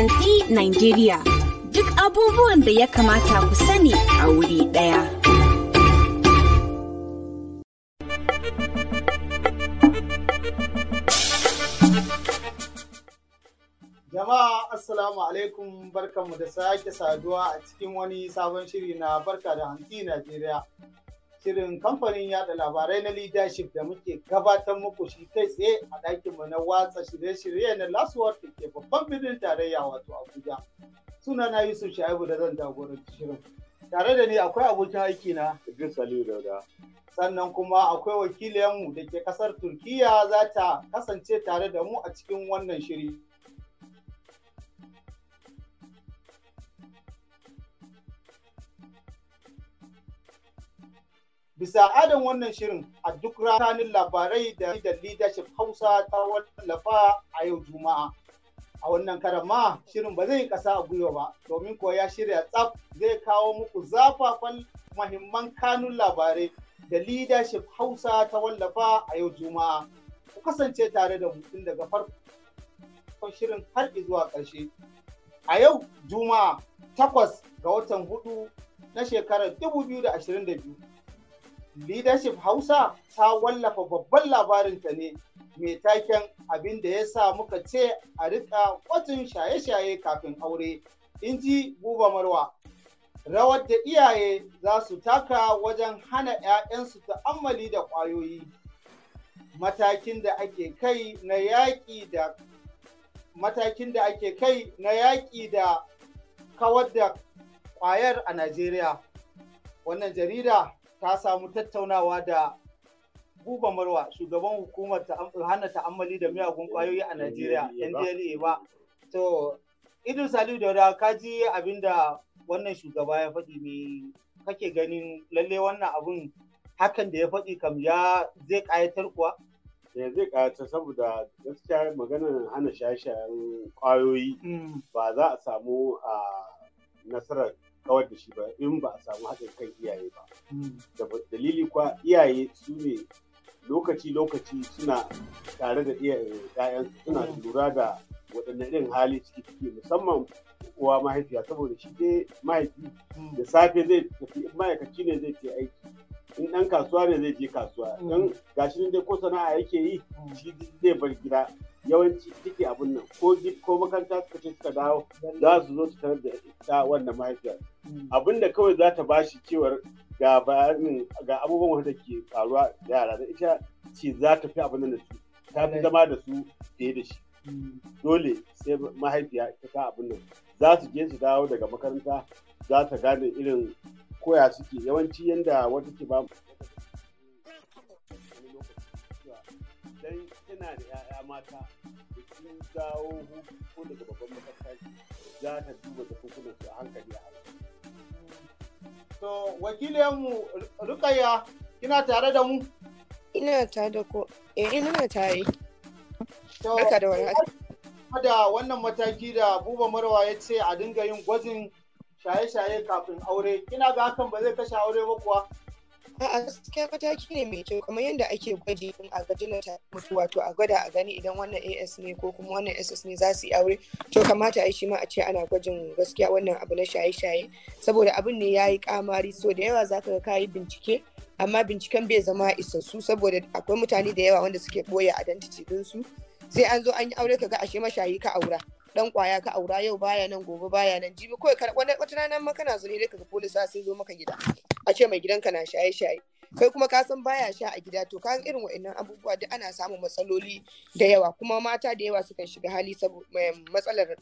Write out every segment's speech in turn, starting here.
Guarantee Nigeria. Duk abubuwan da ya kamata ku sani a wuri ɗaya. Jama'a Assalamu alaikum barkanmu da sake saduwa a cikin wani sabon shiri na Barka da Hantsi Najeriya shirin kamfanin yada labarai na leadership da muke gabatar muku shi kai tsaye a ɗakinmu na watsa shirye-shirye na word da ke babban birnin tarayya wato abuja suna na yusuf shaibu da zan jagoranci shirin tare da ni akwai abokin aiki na idris aliyu dauda sannan kuma akwai wakiliyanmu da ke kasar turkiya za ta kasance tare da mu a cikin wannan shiri Bisa adan wannan shirin a duk ranar labarai da da leadership Hausa ta wallafa a yau Juma'a. A wannan karan shirin ba zai kasa a gwiwa ba domin kuwa ya shirya tsaf zai kawo muku zafafan mahimman kanun labarai da leadership Hausa ta wallafa a yau Juma'a. Ku kasance tare da mutum daga farkon shirin har zuwa ƙarshe. A yau Juma'a takwas ga watan hudu na shekarar 2022 leadership hausa ta wallafa babban labarinta ne mai taken abin da ya sa muka ce a rika kwatun shaye-shaye kafin aure in ji buba marwa rawar da iyaye za su taka wajen hana 'ya'yansu ta'ammali da ƙwayoyi matakin da ake kai na yaƙi da matakin da ake kai na yaƙi da kawar da ƙwayar a najeriya wannan jarida ta samu tattaunawa da Buba Marwa, shugaban hukumar hana ta'ammali da miyagun kwayoyi a Najeriya, NDLA ba. To, Idun Saliu Dauda, ka ji abin da wannan shugaba ya faɗi ne kake ganin lalle wannan abun hakan da ya faɗi kam ya zai ƙayatar kuwa? Ya eh, zai ƙayatar saboda gaskiya maganar hana shaye kwayoyi hmm. ba za a samu a ah, nasarar kawar da shi ba in ba a samu haɗin kan iyaye ba hmm. dalili kwa iyaye su ne lokaci-lokaci suna tare da iyayen suna hmm. lura da waɗannan irin hali ciki ciki musamman uwa mahaifiya saboda shi dai mahaifi hmm. da safe zai tafi ma'aikaci ne zai ce aiki in ɗan kasuwa ne zai je kasuwa mm. dan gashi dai ko sana'a yake yi mm. shi zai bar gida yawanci take abin nan ko ko makaranta suka ce suka dawo za su zo su tare da ita wannan mahaifiyar mm. abin da kawai za ta bashi cewar ga bayanin ga abubuwan da ke faruwa da yara da ita ce za ta fi abin da su ta fi zama da su fiye da shi dole sai mahaifiya ta ta abin nan za su je su dawo daga makaranta za ta gane irin koya suke yawanci yadda wata ke ba dan ina da 'ya'ya mata da sun dawo ko daga babban makaranta za ta duba da a hankali a hankali tare da mu ina tare da ko eh ina tare da wannan mataki da buba marwa ya ce a dinga yin gwajin shaye-shaye kafin aure ina ga hakan ba zai kashe aure ba kuwa a gaskiya mataki ne mai kyau kamar yadda ake gwaji in a gaji ta mutu wato a gwada a gani idan wannan as ne ko kuma wannan ss ne za su yi aure to kamata ai shi ma a ce ana gwajin gaskiya wannan abu na shaye-shaye saboda abin ne ya yi kamari so da yawa zaka ga kayi bincike amma binciken bai zama isassu saboda akwai mutane da yawa wanda suke boye identity su sai an zo an yi aure ka ga ashe mashayi ka aura dan kwaya ka aura yau baya nan gobe baya nan jibi kawai ka wata rana ma kana zune dai kaga polisa sun zo maka gida a ce mai gidanka na shaye shaye kai kuma ka san baya sha a gida to ka irin wa'annan abubuwa duk ana samun matsaloli da yawa kuma mata da yawa sukan shiga hali saboda matsalar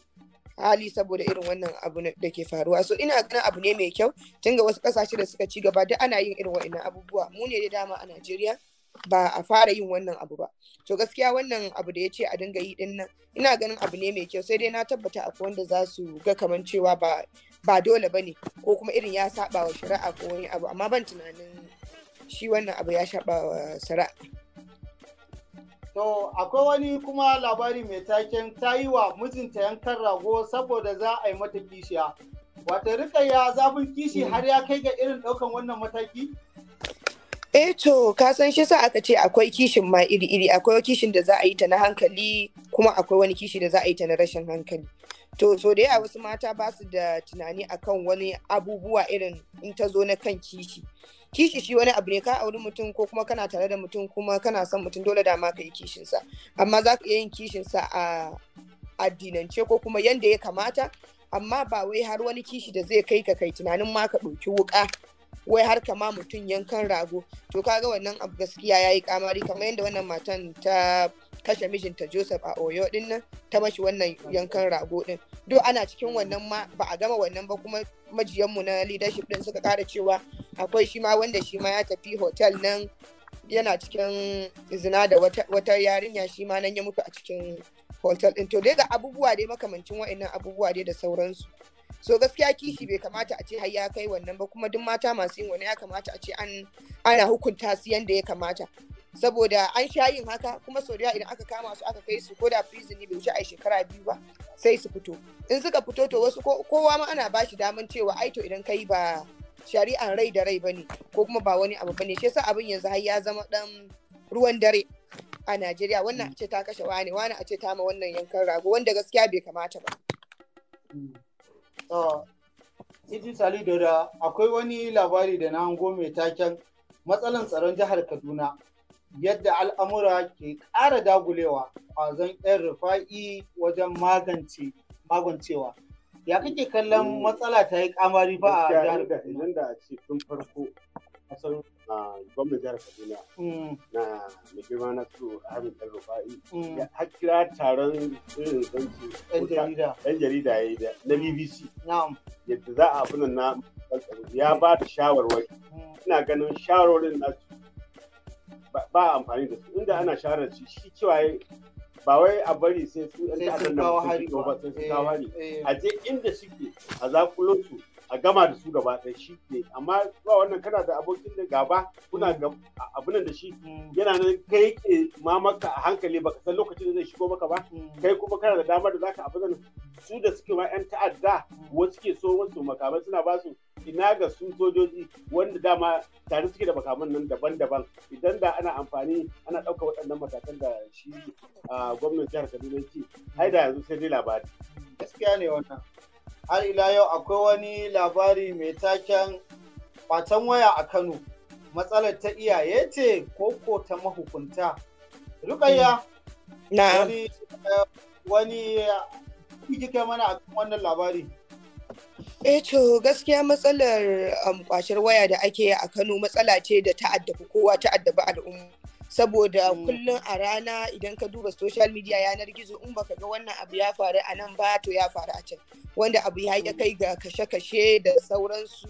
hali saboda irin wannan abu da ke faruwa so ina ganin abu ne mai kyau tun ga wasu kasashe da suka ci gaba duk ana yin irin wa'annan abubuwa mu ne da dama a Najeriya ba a fara yin wannan abu ba to gaskiya wannan abu da ya ce a dinga yi din nan ina ganin abu ne mai kyau sai dai na tabbata akwai wanda za su ga kaman cewa ba ba dole bane ko kuma irin ya saba wa shari'a ko wani abu amma ban tunanin shi wannan abu ya saba wa shari'a to akwai wani kuma labari mai taken ta yi wa mijinta yankan rago saboda za a yi mata kishiya wata ya zafin kishi hmm. har ya kai ga irin ɗaukan wannan mataki Eh to, ka san shi sa aka ce akwai kishin ma iri-iri, akwai kishin da za a yi ta na hankali kuma akwai wani kishi da za a yi ta na rashin hankali. To, so da yawa wasu mata ba su da tunani akan wani abubuwa irin in ta zo na kan kishi. Kishi shi wani abu ne ka auri mutum ko kuma kana tare da mutum kuma kana son mutum dole da ma ka yi kishinsa. Amma za ka iya yin kishin sa a addinance ko kuma yanda ya kamata amma ba wai har wani kishi da zai kai ka kai tunanin ma ka ɗauki wuƙa wai har kama mutum yankan rago to kaga wannan abu gaskiya yi kamari kamar yadda wannan matan ta kashe mijinta Joseph a Oyo din nan ta mashi wannan yankan rago din. Duk ana cikin wannan ma ba a gama wannan ba kuma majiyanmu na leadership din suka kara cewa akwai shi ma wanda shi ma ya tafi hotel nan yana cikin zina da wata, yarinya shi ma nan ya mutu a cikin hotel din. To dai ga abubuwa dai makamancin wa'annan abubuwa dai da sauransu. so gaskiya kishi bai kamata a ce har ya kai wannan ba kuma duk mata masu yin wani ya kamata a ce an ana hukunta su yanda ya kamata saboda an sha yin haka kuma sau idan aka kama su aka kai su ko da prison ne bai wuce a shekara biyu ba sai su fito in suka fito to wasu kowa ma ana bashi daman cewa ai to idan kai ba shari'an rai da rai bane ko kuma ba wani abu bane shi yasa abin yanzu har ya zama dan ruwan dare a Najeriya wannan a ce ta kashe wani wani a ce ta ma wannan yankan rago wanda gaskiya bai kamata ba. Hmm. Ah. Idris Ali Dauda akwai wani labari da na hango mai taken matsalan tsaron jihar Kaduna yadda al'amura ke ƙara dagulewa ƙwazon 'yan rufa'i wajen magance magancewa. Ya kake kallon eh. matsala ta yi kamari ba a jihar Kaduna? Idan da a ce tun farko gwamnan jihar kaduna mm. na mai girma na su ahmed dan mm. ya hakira taron irin zanci yan jarida ya yi na bbc yadda za a abunan na ya ba da shawarwari mm. ina ganin shawarwarin na ba amfani da su inda ana shawarar shi cewa ba wai a bari sai su ɗan ta'adar da ba sai su kawo eh, hari eh. a je inda suke a zakulo su a gama da su gaba ɗaya shi ne amma ba wannan kana da abokin da gaba kuna ga abin da shi yana nan kai ke ma a hankali baka san lokacin da zai shigo maka ba kai kuma kana da damar da zaka abin su da suke ma yan ta'adda wasu ke so wasu makamai suna ba su ina ga su sojoji wanda dama tare suke da makaman nan daban-daban idan da ana amfani ana ɗauka waɗannan matakan da shi ah, gwamnan jihar Kaduna ce ai da yanzu sai dai labari gaskiya ne wannan har ila yau akwai wani labari mai taken matan waya a kano matsalar ta iyaye ce koko ta mahukunta rukayya wani eh, wani eh, kika mana a kan wannan labari eh to gaskiya matsalar um, kwashar waya da ake yi a kano matsala ce da ta addabi kowa ta addabi al'umma saboda mm. kullum a rana idan ka duba social media yanar gizo in baka ga wannan abu ya faru a nan ba to ya faru a can wanda abu ya kai ga kashe-kashe da sauransu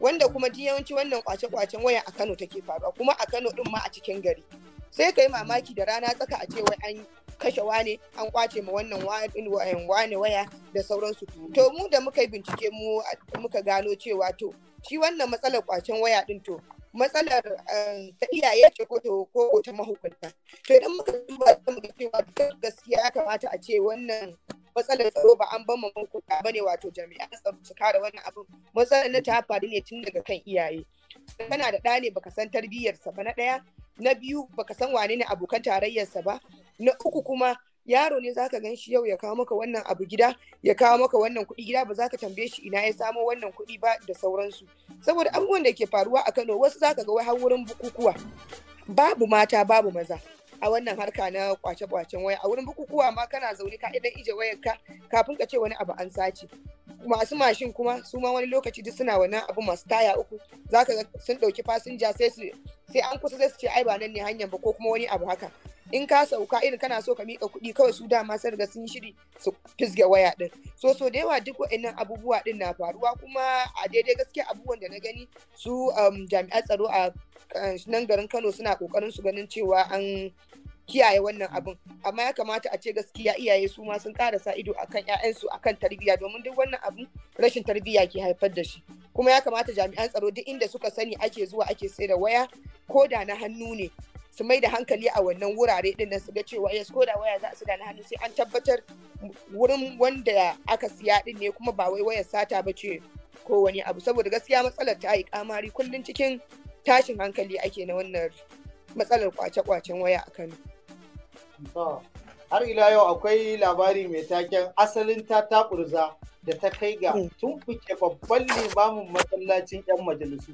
wanda kuma yawanci wannan kwace-kwacen waya a Kano take faruwa kuma a Kano din ma a cikin gari sai kai mamaki da rana tsaka a ce wai an kashe wane an kwace ma wannan wane waya da sauransu to mu da muka bincike mu muka gano cewa to shi wannan matsalar kwacen waya din to matsalar eh, ta iyaye ce ko ko ta mahukunta to idan muka duba da ga cewa gaskiya ya kamata a ce wannan matsalar tsaro ba an bama mun ba bane wato jam'i'a tsaro su kare wannan abin matsalar na ta faru ne tun daga kan iyaye kana da ɗa ne baka san tarbiyyarsa ba na ɗaya na biyu baka san wane ne abokan tarayyarsa ba na uku kuma yaro ne zaka gan shi yau ya kawo maka wannan abu gida ya kawo maka wannan kuɗi gida ba zaka tambaye shi ina ya samo wannan kuɗi ba da sauransu saboda abubuwan da ke faruwa a Kano wasu zaka ga wai har wurin bukukuwa babu mata babu maza a wannan harka na kwace-kwacen waya a wurin bukukuwa ma kana zaune ka idan ije wayar ka kafin ka ce wani abu an sace masu mashin kuma su ma wani lokaci duk suna wannan abu masu taya uku zaka sun dauki fasinja sai sai an kusa sai su ce ai ba nan ne hanyar ba ko kuma wani abu haka in ka sauka irin kana so ka mika kuɗi kawai su dama sun riga sun shiri su fisge waya din so so da yawa duk waɗannan abubuwa ɗin na faruwa kuma a daidai gaskiya abubuwan da na gani su um, jami'an tsaro a um, nan garin Kano suna kokarin su ganin cewa an kiyaye wannan abin amma ya kamata a ce gaskiya iyaye su ma sun ƙara sa ido akan ƴaƴansu akan tarbiyya domin duk wannan abin rashin tarbiyya ke haifar da shi kuma ya kamata jami'an tsaro duk inda suka sani ake zuwa ake sai da waya ko da na hannu ne su mai da hankali a wannan wurare din nan su ga cewa yes ko da waya za su da na hannu sai an tabbatar wurin wanda aka siya din ne kuma ba wai wayar sata ba ce ko wani abu saboda gaskiya matsalar ta yi kamari kullum cikin tashin hankali ake na wannan matsalar kwace-kwacen waya a Kano. Har ila yau akwai labari mai taken asalin ta takurza da ta kai ga mm. tun fuke babban limamin masallacin 'yan majalisu.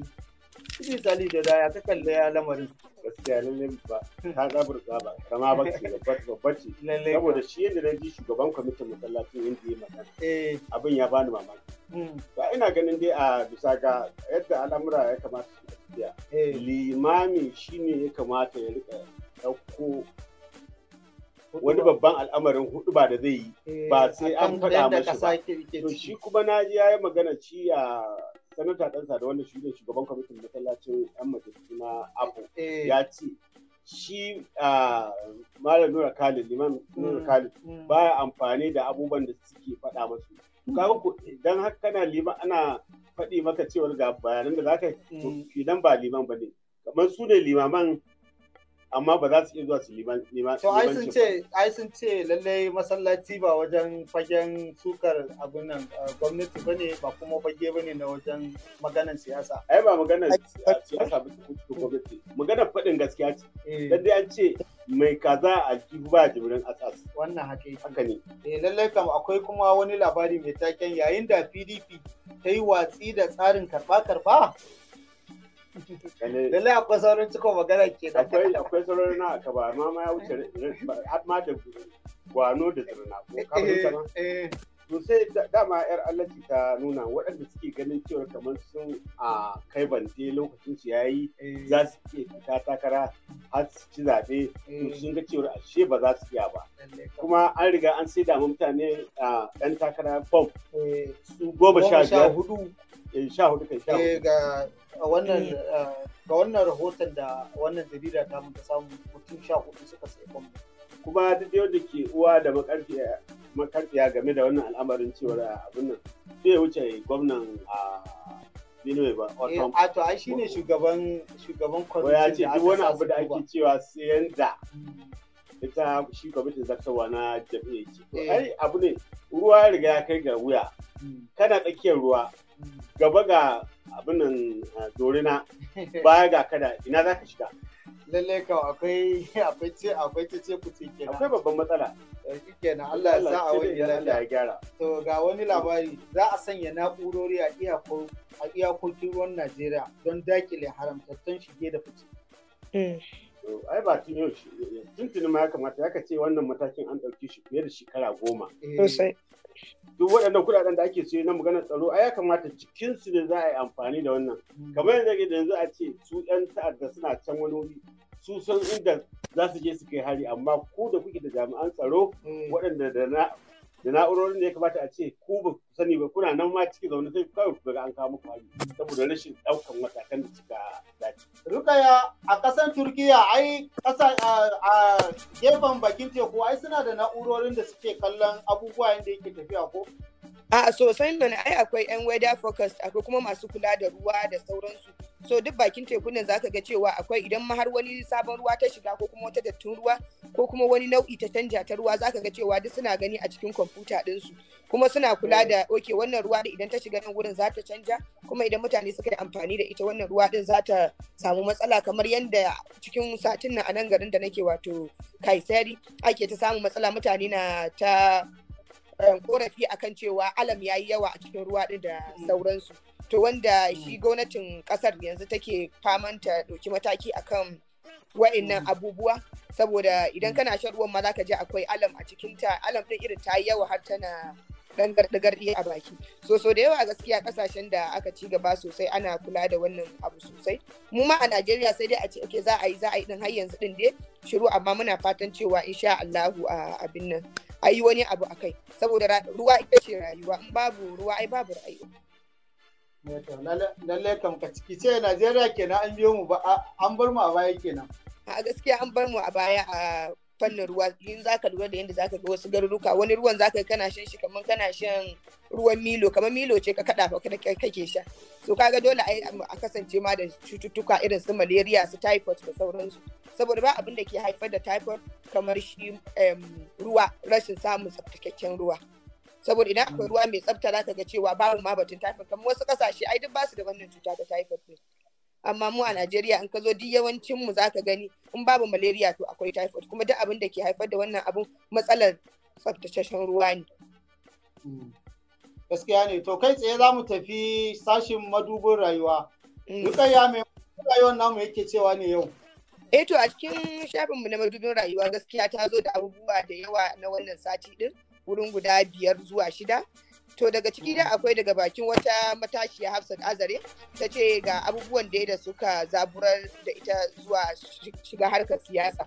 misali Sali da daya ta kalla ya lamarin. gaskiya lalle ba ta zaburka ba kama ba ce babba ce saboda shi yadda na ji shugaban kwamitin masallacin yadda ya magana eh. abin ya bani mamaki hmm. ba ina ganin dai a bisa ga yadda al'amura ya kamata su tafiya eh. limami ne ya kamata ya rika ɗauko wani babban al'amarin hudu ba da zai yi eh, ba sai an faɗa mashi ba to shi kuma na ji ya yi magana ci a sanata ɗansa da wanda shi ne shugaban kwamitin masallacin yan majalisu na abu eh. ya ce shi ah, malam nura khalid liman nura mm, khalid mm. baya amfani da abubuwan da suke faɗa masu kaga ku idan haka na liman ana faɗi maka cewar ga bayanan da zaka yi mm. idan ba liman ba ne kamar su ne limaman amma ba za su iya zuwa su nema to ai sun ce ai sun ce lalle masallaci ba wajen fagen sukar abin nan gwamnati bane ba kuma fage bane na wajen maganar siyasa ai ba maganar siyasa ba ko gwamnati maganar faɗin gaskiya ce eh. dan dai an ce mai kaza a jibu ba jibrin asas wannan haka haka ne eh lalle kam akwai kuma wani labari mai taken yayin da PDP ta yi watsi da tsarin karba karba Lallai akwai saurin cikon magana ke da. Akwai akwai saurin na ba ma ma ya wuce eh. har ma da gwano da zurna ko kamar eh, eh. sai dama yar allaci ta nuna waɗanda suke ganin cewa kamar sun a kai bante lokacin su yayi za su iya fita takara har su ci zaɓe sun ga cewa ashe ba za su iya ba. Kuma an riga an sai da mutane ɗan takara Bob su goma sha biyar. Eh, sha hudu kai sha hudu eh, ga wannan eh, ga wannan rahoton da wannan jarida ta muka samu mutum sha hudu suka sai kuma. kuma duk da ke uwa da makarfiya game da wannan al'amarin cewar abin nan zai wuce gwamnan a ah, Benue ba. A to ai shine shugaban shugaban kwamitin da aka wani abu da ake cewa sayan da ita shi kwamitin zartarwa na jam'iyyar ce. Ai abu ne ruwa ya riga ya kai ga wuya. Hmm. Kana tsakiyar ruwa gaba ga abinan dorina baya ga kada ina za ka shiga lalle ka akwai abinci akwai ce ku ce kenan akwai babban matsala eh, shi kenan Allah ya sa a wani Allah ya gyara to ga wani labari za a sanya na'urori a iyakokin ruwan Najeriya don dakile haramtattun shige da fice eh. ai ba tun yau tuntuni ma ya kamata ya ce wannan matakin an ɗauki shi fiye da shekara goma eh. duk waɗannan kuɗaɗen da ake sayo na maganar tsaro a ya kamata su ne za a yi amfani da wannan hmm. kamar ke yanzu a ce su ɗan ta'adda suna can wani wuri su san inda za su je su kai hari amma ku da kuke da jami'an tsaro hmm. waɗanda da na da na'urorin da ya kamata a ce ku ba ku sani ba kuna nan ma ciki zaune sai kawai ku ga an kawo muku hari saboda rashin ɗaukan wata tsaya a ƙasar turkiya ai ƙasa a gefen bakin teku ai suna da na'urorin da suke kallon abubuwa yadda yake tafiya ko a sosai da ai akwai yan weather forecast akwai kuma masu kula da ruwa da sauransu so duk bakin tekun nan zaka ga cewa akwai idan ma har wani sabon ruwa ta shiga ko kuma wata dattin ruwa ko kuma wani nau'i ta canja ta ruwa zaka ga cewa duk suna gani a cikin kwamfuta ɗinsu kuma suna kula da oke wannan ruwa da idan ta shiga nan wurin za ta canja kuma idan mutane suka yi amfani da ita wannan ruwa din za ta samu matsala kamar yadda cikin satin na a nan garin da nake wato kaisari ake ta samu matsala mutane na ta eh, korafi akan cewa alam yayi yawa a cikin ruwa din da sauransu. to wanda shi mm. gwamnatin kasar yanzu take faman ta ɗauki mataki akan wa'annan mm. abubuwa saboda idan mm. kana shan ruwan ma zaka je akwai alam a cikin ta alam din irin ta yawa har tana dan gardagar iya a baki so so da yawa gaskiya kasashen da aka ci gaba sosai ana kula da wannan abu sosai mu ma a Najeriya sai dai a ce okay za a yi za a yi din har yanzu din dai shiru amma muna fatan cewa insha Allahu a abin nan a yi wani abu akai saboda ruwa ita ce rayuwa in babu ruwa ai babu rayuwa Lallai kam ciki ce Najeriya kenan an biyo mu ba an bar mu a baya kenan. A gaskiya an bar mu a baya a fannin ruwa yin za ka lura da yadda za ka ga wasu garuruka wani ruwan za ka kana shan shi kamar kana shan ruwan milo kamar milo ce ka kada ka kake sha so kaga dole a kasance ma da cututtuka irin su malaria su typhoid da sauransu saboda ba abin da ke haifar da typhoid kamar shi ruwa rashin samun tsaftataccen ruwa. saboda idan akwai mm. ruwa mai tsafta ka ga cewa babu ma batun typhoid kamar wasu kasashe ai duk basu da wannan cuta ta typhoid ne amma mu a Najeriya in ka zo duk yawancin mu zaka gani in babu malaria to akwai typhoid kuma duk abin da ke haifar da wannan abun matsalar tsaftataccen ruwa ne mm. gaskiya ne to kai tsaye za mu tafi sashin madubin rayuwa mm. ya mai rayuwar namu yake cewa ne yau eh to a cikin shafinmu na madubin rayuwa gaskiya ta zo da abubuwa da yawa na wannan sati din wurin guda biyar zuwa shida to daga ciki da akwai daga bakin wata matashiya hafsat azare ta ce ga abubuwan da da suka zaburar da ita zuwa shiga harkar siyasa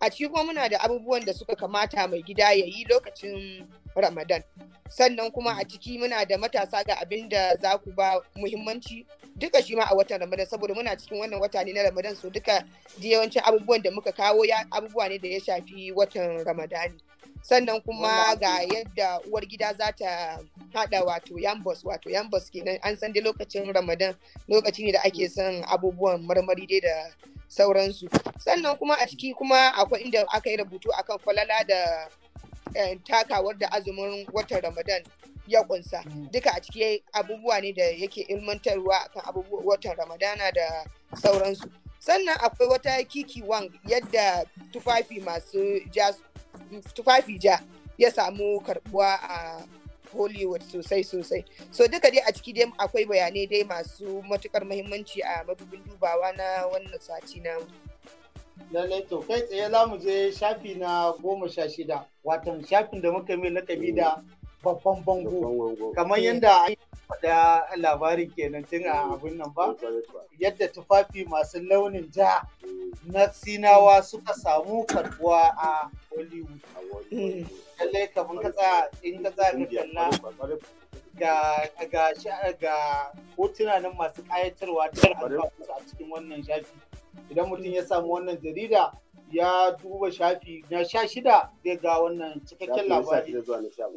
a ciki kuma muna da abubuwan da suka kamata mai gida ya yi lokacin ramadan sannan kuma a ciki muna da matasa ga abin da za ku ba muhimmanci duka shi ma a watan ramadan saboda muna cikin wannan wata ne na ramadan so duka yawancin abubuwan da muka kawo ya abubuwa ne da ya shafi watan ramadani sannan kuma ga yadda uwar gida za ta hada wato yambos wato yambos kenan an san dai lokacin ramadan lokaci da ake mm. son abubuwan marmari dai da sauransu sannan kuma a ciki kuma akwai inda aka yi rubutu akan falala da eh, takawar da azumin watan ramadan ya kunsa mm. duka a ciki abubuwa ne da yake ilmantarwa akan abubuwan watan ramadana da sauransu sannan akwai wata kiki wang yadda tufafi masu ja tufafi ja ya samu karbuwa a Hollywood sosai sosai. So duka dai a ciki dai akwai bayanai dai masu matukar mahimmanci a madubin dubawa na wannan sati na Lallai to kai tsaye za mu je shafi na goma sha shida, watan shafin da muka mai lakabi da babban bango kamar eh. yadda da labarin kenan tun a abin nan ba yadda tufafi masu launin ja eh. na sinawa suka samu karbuwa a hollywood eh. lallai kamar katsa in ka za ka kalla ga ga hotuna nan masu ƙayatarwa ta a cikin wannan shafi idan mutum ya samu wannan jarida ya duba shafi na sha shida zai ga wannan cikakken labari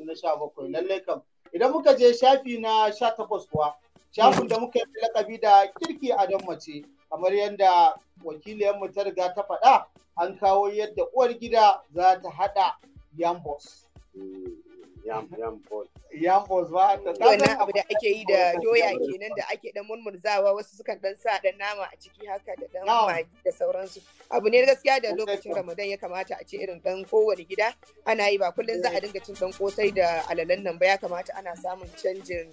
na sha bakwai lallai kam idan muka je shafi na sha takwas kuwa shafin da muka yi lakabi da kirki adon mace kamar yadda wakiliyarmu ta riga ta faɗa an kawo yadda uwar gida za ta haɗa yambos. Mm. Yambos ba ta ta abu da ake yi da doya kenan da ake dan murmurzawa wasu sukan dan sa dan nama a ciki haka da dan da sauransu. Abu ne gaskiya da lokacin Ramadan ya kamata a ce irin dan kowane gida ana yi ba kullum za a dinga cin dan kosai da alalan nan ba ya kamata ana samun canjin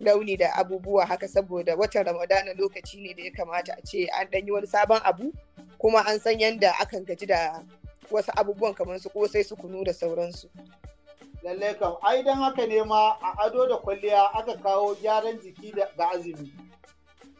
launi da abubuwa haka saboda watan Ramadana lokaci ne da ya kamata a ce an dan yi wani sabon abu kuma an san yanda akan gaji da wasu abubuwan kamar su kosai su kunu da sauransu. Lallai kam, ai dan haka ne ma a ado da kwalliya aka kawo gyaran jiki ga azumi.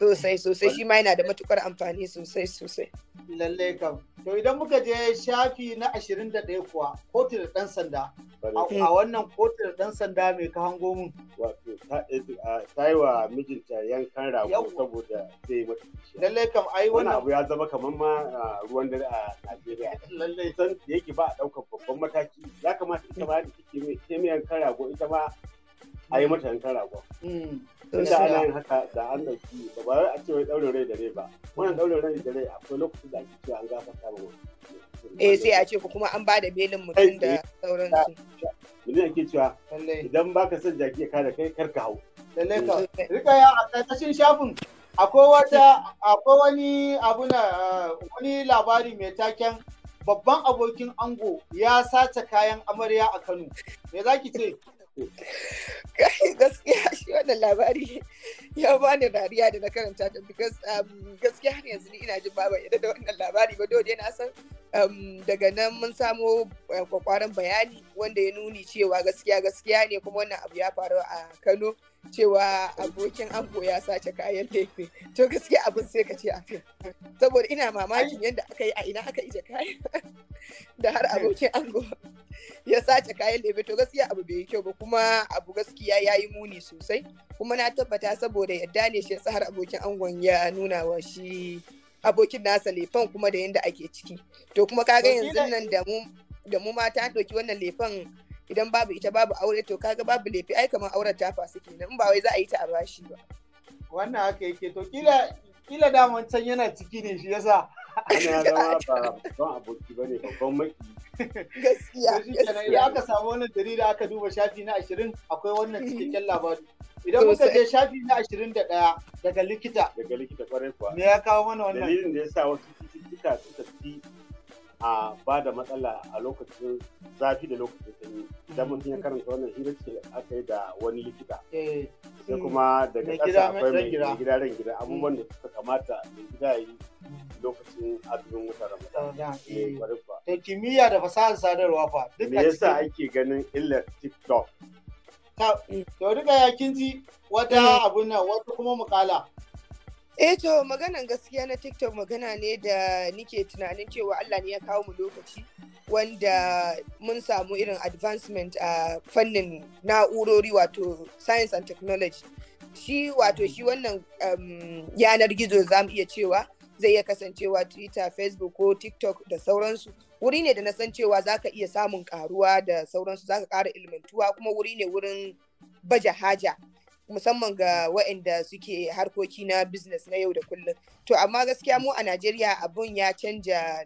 Sosai sosai shi ma yana da matukar amfani sosai sosai. Lalle kam. To idan muka je shafi na 21 kuwa kotu da ɗan sanda. A wannan kotu da ɗan sanda mai ka hango mun. Wato eh, ta yi wa mijinta yankan rago saboda zai yi mata Lalle kam ai wannan. abu ya zama kamar ma ruwan dare a Najeriya. Lalle. San da yake ba a ɗaukar babban mataki ya kamata ita ma da take mai yankan rago ita ma a yi mata yankan ragon. Tunda mm. ana yin haka da an ɗauki ba ba a ce wai ɗaurin rai da rai ba. Wannan ɗaurin rai da rai akwai lokacin da ake cewa an gafa samun wani. Eh sai a ce ku kuma an ba da belin mutum da sauransu. Yanzu ake cewa idan baka son jaki ya kare kai kar ka hau. Lallai ka rika ya a ƙarƙashin shafin akwai wata akwai wani abu na eh, wani labari mai taken babban abokin ango ya sace kayan amarya a Kano. Me za ki ce? gaskiya shi wannan labari ya bani dariya da na karanta ta because um, gaskiya har yanzu ni ina jin baban yadda da wannan labari ba dole na san um, daga nan mun samo eh, kwakwaran bayani wanda ya nuni cewa gaskiya gaskiya ne kuma wannan abu ya faru a Kano cewa abokin ango ya sace kayan lefe to gaskiya abin sai ka ce a fim saboda ina mamakin yadda aka yi a ina aka ije kayan da har abokin ango ya sace kayan lefe to gaskiya abu bai yi kyau ba kuma abu gaskiya ya yi muni sosai kuma na tabbata saboda yadda ne shi har abokin ango ya nuna wa shi abokin nasa lefan kuma da yadda ake ciki to kuma ka ga yanzu nan da mu da mu mata ɗauki wannan lefan idan babu ita babu aure to kaga babu laifi ai kamar auren ta fasu kenan in ba wai za a yi ta a bashi ba wannan haka yake to kila kila da can yana ciki ne shi yasa ana zama ba babban aboki ba ne babban maki gaskiya gaskiya aka samu wannan jarida aka duba shafi na ashirin akwai wannan cikakken labari idan muka je shafi na ashirin da ɗaya daga likita daga likita kwarai kuwa me ya kawo mana wannan dalilin da ya sa wasu cututtuka suka fi a ba da matsala a lokacin zafi da lokacin sanyi idan mutum ya karanta wannan hira ce aka yi da wani likita eh, sai eh. kuma daga ƙasa akwai mai gida ran gida mm. abubuwan da suka kamata mai gida ya yi lokacin azumin wutar ramadan oh, eh, to kimiyya da fasahar sadarwa fa a yasa ake ganin illar tiktok to duka ya kinji wata mm. abun nan wata kuma mukala Eh to maganan gaskiya na TikTok magana ne da nike tunanin cewa Allah ne ya kawo mu lokaci wanda mun samu irin advancement a fannin na'urori wato science and technology. Shi wato shi wannan um, yanar gizo za mu iya cewa zai iya kasancewa Twitter, Facebook ko TikTok da sauransu. Wuri ne da na san cewa za ka iya samun karuwa da sauransu za ka ƙara ilmantuwa kuma wuri ne wurin baje haja musamman ga waɗanda suke harkoki na business na yau da kullum to amma gaskiya mu a najeriya abun ya canja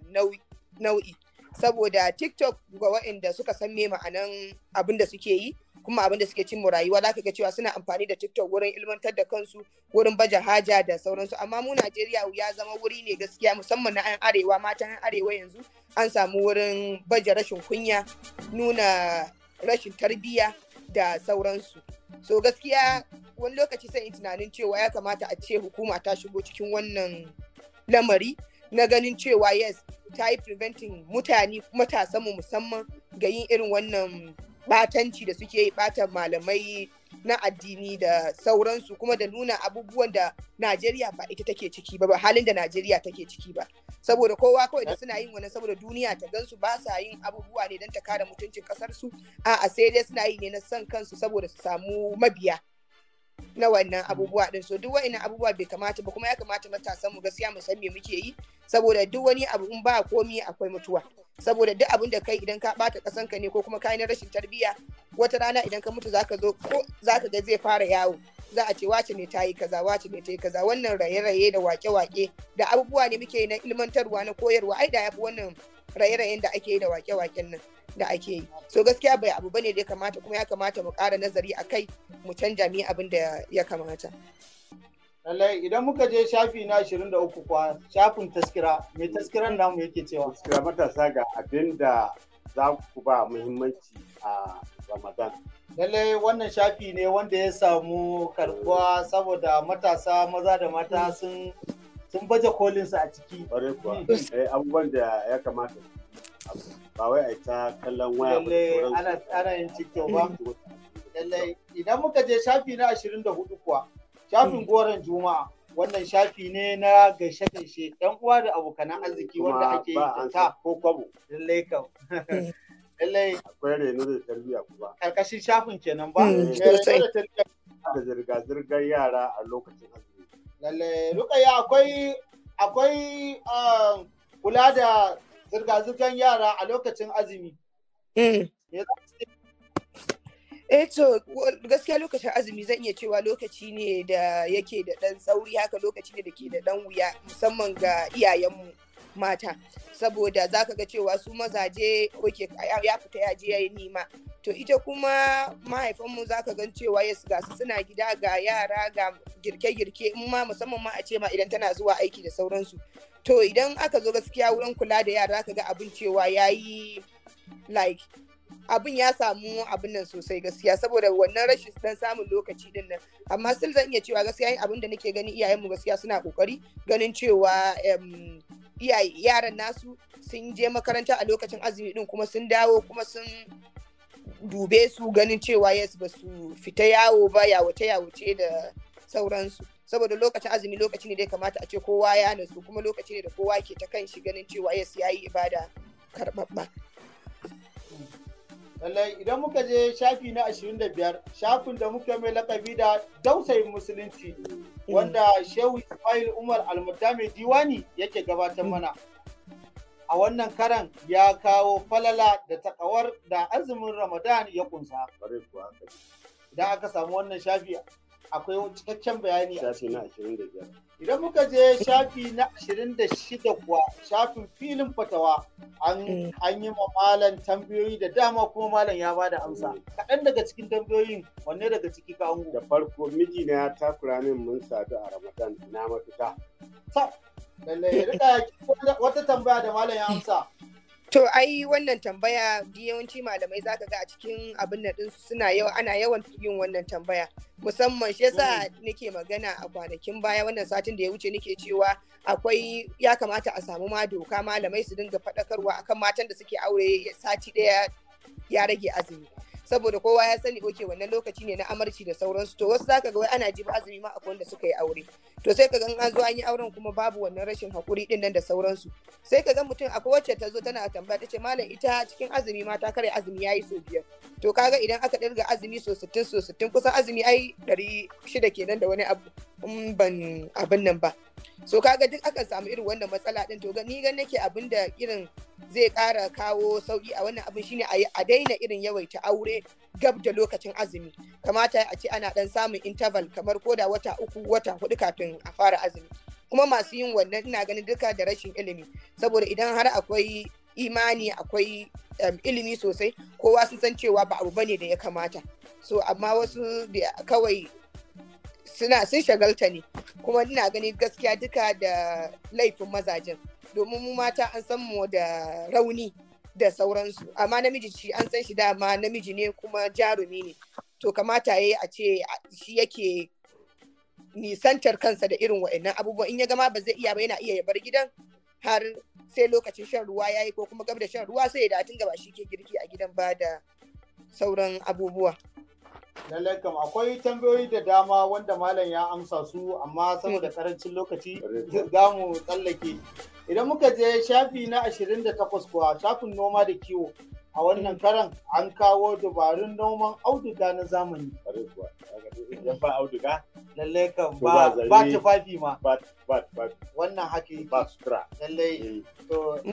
nau'i saboda tiktok ga waɗanda suka san me ma'anan abin da suke yi kuma abin da suke cin rayuwa za ka ga cewa suna amfani da tiktok wurin ilmantar da kansu wurin baje haja da sauransu amma mu najeriya ya zama wuri ne gaskiya musamman na 'yan arewa matan 'yan arewa yanzu an samu wurin baje rashin kunya nuna rashin tarbiyya da sauransu so gaskiya wani lokaci sai tunanin cewa ya kamata a ce hukuma ta shigo cikin wannan lamari na ganin cewa yes ta yi preventing mutane matasanmu musamman ga yin irin wannan batanci da suke yi bata malamai na addini da sauransu kuma da nuna abubuwan da Najeriya ba ita take ciki ba ba halin da Najeriya take ciki ba saboda kowa kawai da suna yin wani saboda duniya ta gansu ba sa yin abubuwa ne don ta kare mutuncin kasar su a'a sai dai suna yi ne na san kansu saboda su samu mabiya na wannan mm. abubuwa din so duk wa'annan abubuwa bai kamata ba kuma ya kamata matasan mu gaskiya mu san me muke yi saboda duk wani abu in ba komi akwai mutuwa saboda duk abin da kai idan ka bata kasan ka ne ko kuma kai na rashin tarbiyya wata rana idan ka mutu zaka zo ko zaka ga zai fara yawo za a ce wace ne ta kaza wace ne ta kaza wannan raye-raye da wake-wake da abubuwa ne muke na ilmantarwa na koyarwa ai da yafi wannan raye-rayen da ake yi da wake-waken nan da ake yi so gaskiya bai abu bane da ya kamata kuma ya kamata mu ƙara nazari a kai mu canja mi abin da ya kamata lallai idan muka je shafi na 23 kwa shafin taskira mai taskiran namu yake cewa taskira matasa ga abin da za ku ba muhimmanci a ramadan lallai wannan shafi ne wanda ya samu karbuwa saboda matasa maza da mata sun sun baje kolinsu a ciki. Hmm. Eh, abubuwan da ya kamata. ba wai a ta kallon waya ba ana ana yin tiktok ba lallai idan muka je shafi na 24 kuwa shafin goron juma'a wannan shafi ne na gaishe gaishe yan uwa da abokan arziki wanda ake yi ta ko kwabo lallai kam lallai akwai reno da tarbiyya kuma karkashin shafin kenan ba hmm, da zirga-zirgar yara a lokacin azumi lallai rukaya akwai akwai ah, kula da zirga-zirgar yara a lokacin azumi. Eh. eh to gaskiya lokacin azumi zan iya cewa lokaci ne da yake da ɗan sauri haka lokaci ne da ke da ɗan wuya musamman ga iyayenmu mata saboda za ka ga cewa su mazaje oke ya fita ya je ya yi nima to ita kuma mahaifanmu za ka gan cewa yes ga suna gida ga yara ga girke-girke in ma musamman ma a ce ma idan tana zuwa aiki da sauransu to idan aka zo gaskiya wurin kula da yara ka ga abin cewa ya yi like abin ya samu abin nan sosai gaskiya saboda wannan rashin dan samun lokaci din nan amma still zan iya cewa gaskiya abin da nake gani iyayenmu gaskiya suna kokari ganin cewa yaran nasu sun je makaranta a lokacin azumi din kuma sun dawo kuma sun dube su ganin cewa yes ba su fita yawo ba yawace yawace da sauransu saboda lokacin azumi lokaci ne da kamata a ce kowa ya nasu kuma lokaci ne da kowa ke ta kan shi ganin cewa yes ya yi ibada karɓaɓɓa. lallai idan muka je shafi na 25 shafin da muka mai lakabi da dausayin musulunci mm. wanda shehu ismail umar almudame diwani yake gabatar mana a wannan karan ya kawo falala da takawar da azumin Ramadan ya kunsa. Idan aka samu wannan shafi akwai cikakken bayani a Idan muka je shafi na 26 kuwa shafin filin fatawa an eh. yi malam tambayoyi da dama kuma malam ya ba da amsa. Eh. Kaɗan daga cikin tambayoyin wanne daga ciki ka angu. Da farko mijina ya takura min mun sadu a Ramadan na mafita. wata tambaya da malam ya amsa. To ai wannan tambaya yawanci malamai zaka ga a cikin abin da suna yawa ana yawan yin wannan tambaya musamman shi yasa hmm. nake magana a kwanakin baya wannan satin da ya wuce nake cewa akwai ya kamata a samu ma doka malamai su dinga faɗakarwa akan matan da suke aure sati ɗaya ya rage azumi. saboda kowa ya sani oke wannan lokaci ne na amarci da sauransu to wasu zaka ga wai ana jibi azumi ma akwai wanda suka yi aure to sai ka ga an zo an yi auren kuma babu wannan rashin hakuri din nan da sauransu sai ka ga mutum akwai wacce ta zo tana tambaya ta ce malam ita cikin azumi ma ta kare azumi yayi so biyar to kaga idan aka dirga azumi so 60 so 60 kusan azumi ai 600 kenan da wani abu ban abin nan ba so kaga duk akan samu irin wannan matsala din to ni gan nake abin da irin zai kara kawo sauki a wannan abin shine a daina irin yawaita aure gab da lokacin azumi kamata a ce ana dan samun interval kamar koda wata uku wata hudu kafin a fara azumi kuma masu yin wannan ina ganin duka da rashin ilimi saboda idan har akwai imani akwai um, ilimi sosai kowa sun san cewa ba abu bane da ya kamata so amma wasu da kawai suna sun shagalta ne kuma ina gani gaskiya duka da laifin mazajen domin mu mata an san mu da rauni da sauransu amma namiji shi an san shi dama namiji ne kuma jarumi ne to kamata ya a ce shi yake nisantar kansa da irin wa'annan abubuwa in ya gama ba zai iya ba yana iya ya bar gidan har sai lokacin shan ruwa ya yi ko kuma gab da shan ruwa sai ya datin gaba shi ke girki a gidan ba da sauran abubuwa lallai kam akwai tambayoyi da dama wanda malam ya amsa su amma saboda karancin lokaci za mu tsallake idan muka je shafi na 28 kuwa shafin noma da kiwo a wannan karan an kawo dabarun noman auduga na zamani. Idan ba auduga? Lallai kan ba ba tufafi ma. Ba tufafi. Wannan haka yi. Ba sutura. Lallai. Eh.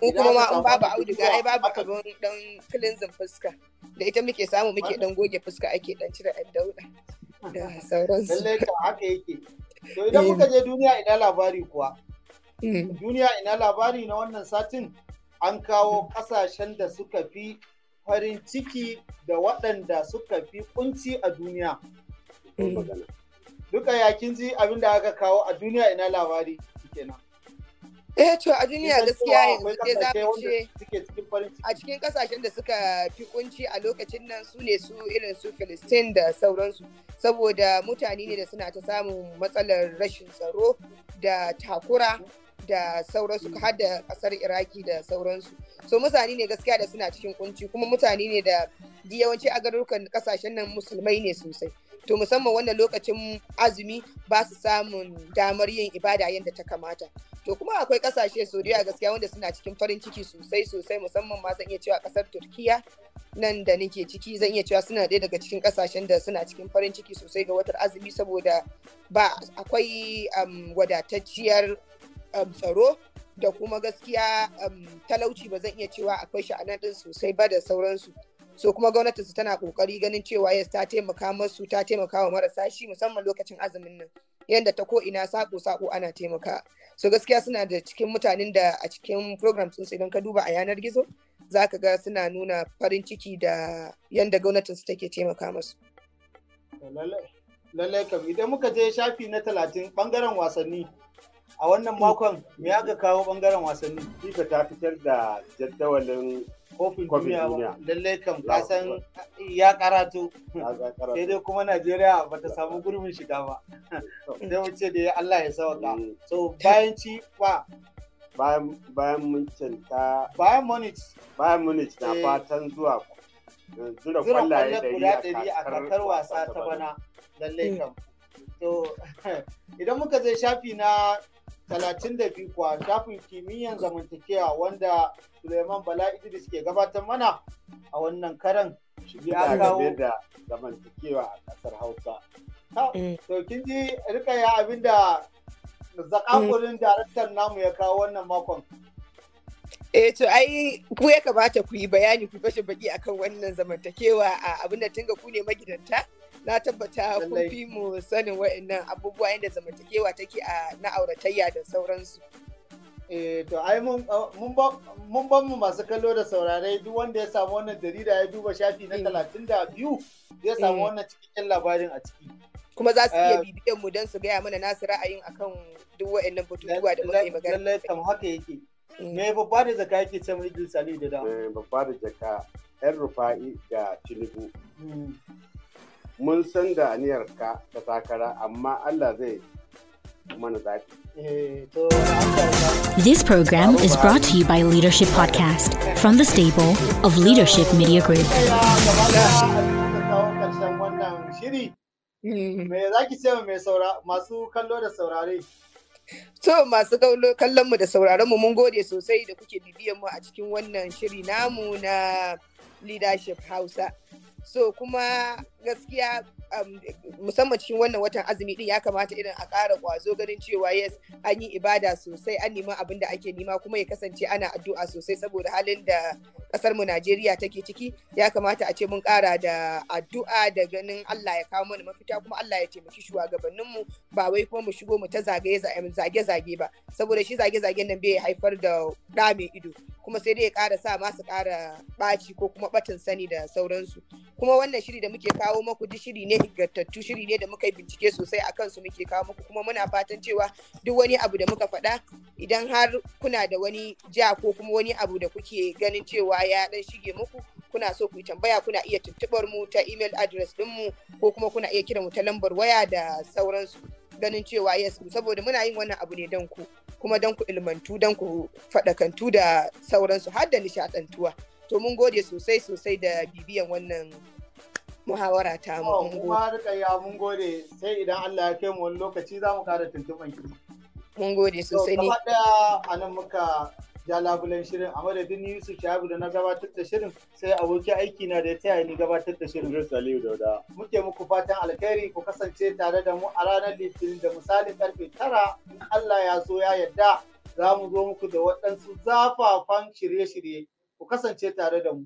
Mu kuma ma in babu auduga ai babu abin dan cleansing fuska. Da ita muke samu muke dan goge fuska ake dan cire ɗan Da sauransu. Lallai kan haka yake. To idan eh. muka je duniya ina labari kuwa. Hmm. Duniya ina labari na wannan satin an kawo kasashen da suka fi farin ciki da waɗanda suka fi kunci a duniya. Eh. Duka ya kin ji abin da aka kawo a duniya ina labari kenan. Eh to a duniya gaskiya yanzu za mu ce a cikin kasashen da suka fi kunci a lokacin nan su ne su irin su Filistin da sauransu saboda mutane ne da suna ta samun matsalar rashin tsaro da takura da sauransu Ka da kasar iraki da sauransu so mutane ne gaskiya da suna cikin kunci kuma mutane ne da yawanci a garurukan kasashen nan musulmai ne sosai to musamman wannan lokacin azumi ba su samun damar yin ibada yadda ta kamata to kuma akwai kasashe soriya gaskiya wanda suna cikin farin ciki sosai sosai musamman ma zan iya cewa kasar turkiya nan da nake ciki zan iya cewa suna ɗaya daga cikin kasashen da suna cikin farin ciki sosai ga watar azumi saboda ba akwai wadatacciyar Um, tsaro da kuma gaskiya um, talauci ba zan iya cewa akwai shi a din sosai ba da sauransu so kuma gwamnatinsu tana kokari ganin cewa yes ta taimaka masu ta taimaka wa marasa shi musamman lokacin azumin nan yadda ta ko ina sako sako ana taimaka so gaskiya suna da cikin mutanen da a cikin program sun idan ka duba a yanar gizo za ka ga suna nuna farin ciki da yadda gwamnatinsu take taimaka masu lallai kam idan muka je shafi na talatin bangaren wasanni a wannan makon me aka kawo bangaren wasanni fifa ta fitar da jadawalin kofin duniya lallai kam kasan ya karatu sai dai kuma najeriya ba ta samu gurbin shiga ba sai mu ce da allah ya sauka mm. so bayan ci ba bayan muncin ta bayan munich bayan munich na eh. fatan zuwa eh, zura kwallaye ɗari a kakar wasa ta bana lallai mm. kam to idan muka je shafi na talatin da 32 kuwa shafin kimiyyar zamantakewa wanda Suleiman Bala Idris ke gabatar mana a wannan karan ya kawo da zamantakewa a kasar Hausa. Eh. To kin ji rika ya abinda zakakurin daraktan namu ya kawo wannan makon. Eh to ai ku ya kamata ku yi bayani ku fashe baki akan wannan zamantakewa a abin da tunga ku ne magidanta. na tabbata kun fi mu sanin wa'annan abubuwa yadda zamantakewa take a na auratayya da sauransu. Eh to ai mun ban mu masu kallo da saurare duk wanda ya samu wannan jarida ya duba shafi na eh. talatin da biyu ya samu eh. wannan cikin labarin a ciki. Kuma za su iya eh. bibiyan mu don su gaya mana nasu ra'ayin akan duk wa'annan batutuwa da muka yi magana. Lallai kam haka yake. Me babba da zaka yake ce Idris Ali da da. Babba da zaka 'yan rufa'i da Tinubu. Hmm. mun san da ta takara amma Allah zai mana eh, zafi. This program is brought to you by Leadership Podcast from the stable of Leadership Media Group. Hmm. To masu kallon mu da sauraron mu mun gode sosai da kuke bibiyan mu a cikin wannan shiri namu na Leadership Hausa. so kuma gaskiya um, musamman cikin wannan watan azumi din ya kamata irin a kara ƙwazo ganin cewa yes an yi ibada sosai an nima abin da ake nema kuma ya kasance ana addu'a sosai saboda halin da ƙasar mu Najeriya take ciki ya kamata a ce mun kara da addu'a da ganin Allah ya kawo mana mafita kuma Allah ya taimaki shugabannin mu ba wai kuma mu shigo mu ta zagaye zage zage ba saboda shi zage zagen nan bai haifar da ɗa mai ido kuma sai dai ya kara sa masu kara ɓaci ko kuma ɓatin sani da sauransu kuma wannan shiri da muke kawo maku duk shiri ne ingantattu shiri ne da muka yi bincike sosai a kansu muke kawo maku kuma muna fatan cewa duk wani abu da muka faɗa idan har kuna da wani ja ko kuma wani abu da kuke ganin cewa ya dan shige muku kuna so ku yi tambaya kuna iya tuntuɓar mu ta email address ɗinmu ko kuma kuna iya kiran mu ta lambar waya da sauransu ganin cewa yes saboda muna yin wannan abu ne don ku. kuma don ku ilmantu don ku faɗakantu da sauransu har da nishaɗantuwa to mun gode sosai sosai da bibiyan wannan muhawara ta mu kuma duka ya mun gode sai idan Allah ya kai mu wani lokaci za mu kara tuntuɓan ki mun gode sosai ne a anan muka ja labulen shirin a madadin Yusuf Shahabu da na gabatar da shirin sai aboki aiki na da taya ni gabatar da shirin yusuf Aliyu Dauda. Muke muku fatan alkhairi ku kasance tare da mu a ranar Litinin da misalin karfe tara in Allah ya so ya yadda, za mu zo muku da waɗansu zafafan shirye-shirye ku kasance tare da mu.